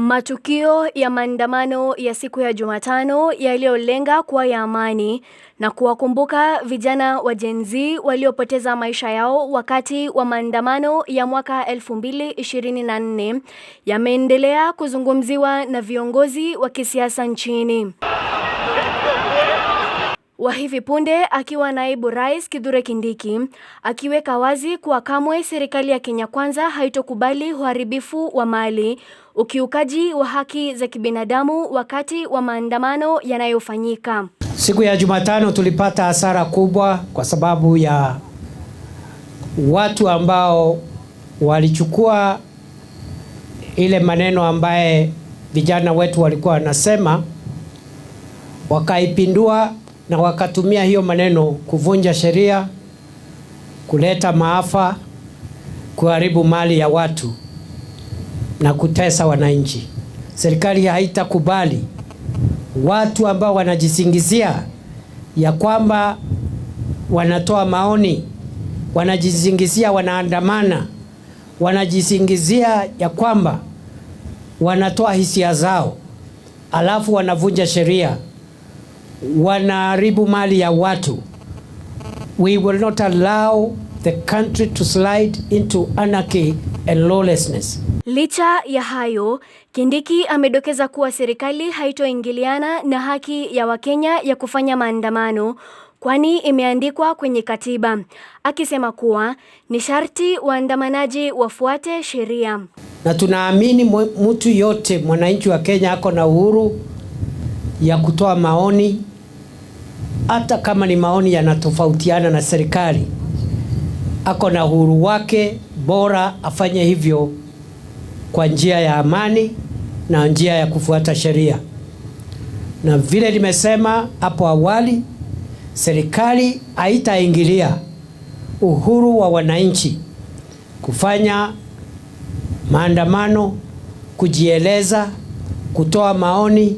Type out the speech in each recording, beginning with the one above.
Matukio ya maandamano ya siku ya Jumatano yaliyolenga kuwa ya amani na kuwakumbuka vijana wa Gen Z waliopoteza maisha yao wakati wa maandamano ya mwaka 2024 yameendelea kuzungumziwa na viongozi wa kisiasa nchini wa hivi punde akiwa naibu rais Kithure Kindiki akiweka wazi kuwa kamwe serikali ya Kenya Kwanza haitokubali uharibifu wa mali, ukiukaji wa haki za kibinadamu wakati wa maandamano yanayofanyika. Siku ya Jumatano tulipata hasara kubwa kwa sababu ya watu ambao walichukua ile maneno ambaye vijana wetu walikuwa wanasema, wakaipindua na wakatumia hiyo maneno kuvunja sheria, kuleta maafa, kuharibu mali ya watu na kutesa wananchi. Serikali haitakubali watu ambao wanajisingizia ya kwamba wanatoa maoni, wanajisingizia wanaandamana, wanajisingizia ya kwamba wanatoa hisia zao, alafu wanavunja sheria wanaharibu mali ya watu. We will not allow the country to slide into anarchy and lawlessness. Licha ya hayo, Kindiki amedokeza kuwa serikali haitoingiliana na haki ya Wakenya ya kufanya maandamano kwani imeandikwa kwenye katiba, akisema kuwa ni sharti waandamanaji wafuate sheria. Na tunaamini mtu yote mwananchi wa Kenya ako na uhuru ya kutoa maoni hata kama ni maoni yanatofautiana na serikali, ako na uhuru wake, bora afanye hivyo kwa njia ya amani na njia ya kufuata sheria. Na vile nimesema hapo awali, serikali haitaingilia uhuru wa wananchi kufanya maandamano, kujieleza, kutoa maoni,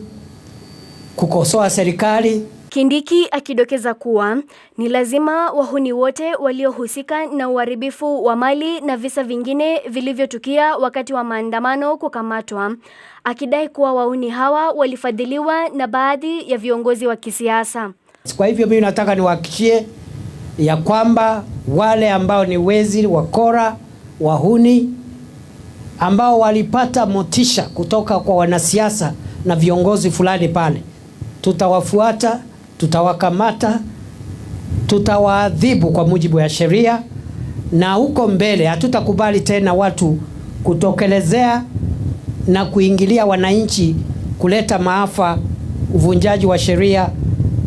kukosoa serikali. Kindiki akidokeza kuwa ni lazima wahuni wote waliohusika na uharibifu wa mali na visa vingine vilivyotukia wakati wa maandamano kukamatwa, akidai kuwa wahuni hawa walifadhiliwa na baadhi ya viongozi wa kisiasa. Kwa hivyo mimi nataka niwahakikishie ya kwamba wale ambao ni wezi, wakora, wahuni ambao walipata motisha kutoka kwa wanasiasa na viongozi fulani pale, tutawafuata tutawakamata, tutawaadhibu kwa mujibu ya sheria, na huko mbele hatutakubali tena watu kutokelezea na kuingilia wananchi, kuleta maafa, uvunjaji wa sheria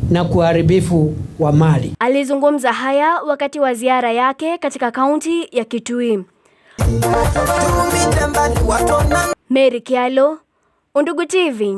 na kuharibifu wa mali. Alizungumza haya wakati wa ziara yake katika kaunti ya Kitui. Mary Kialo, Undugu TV.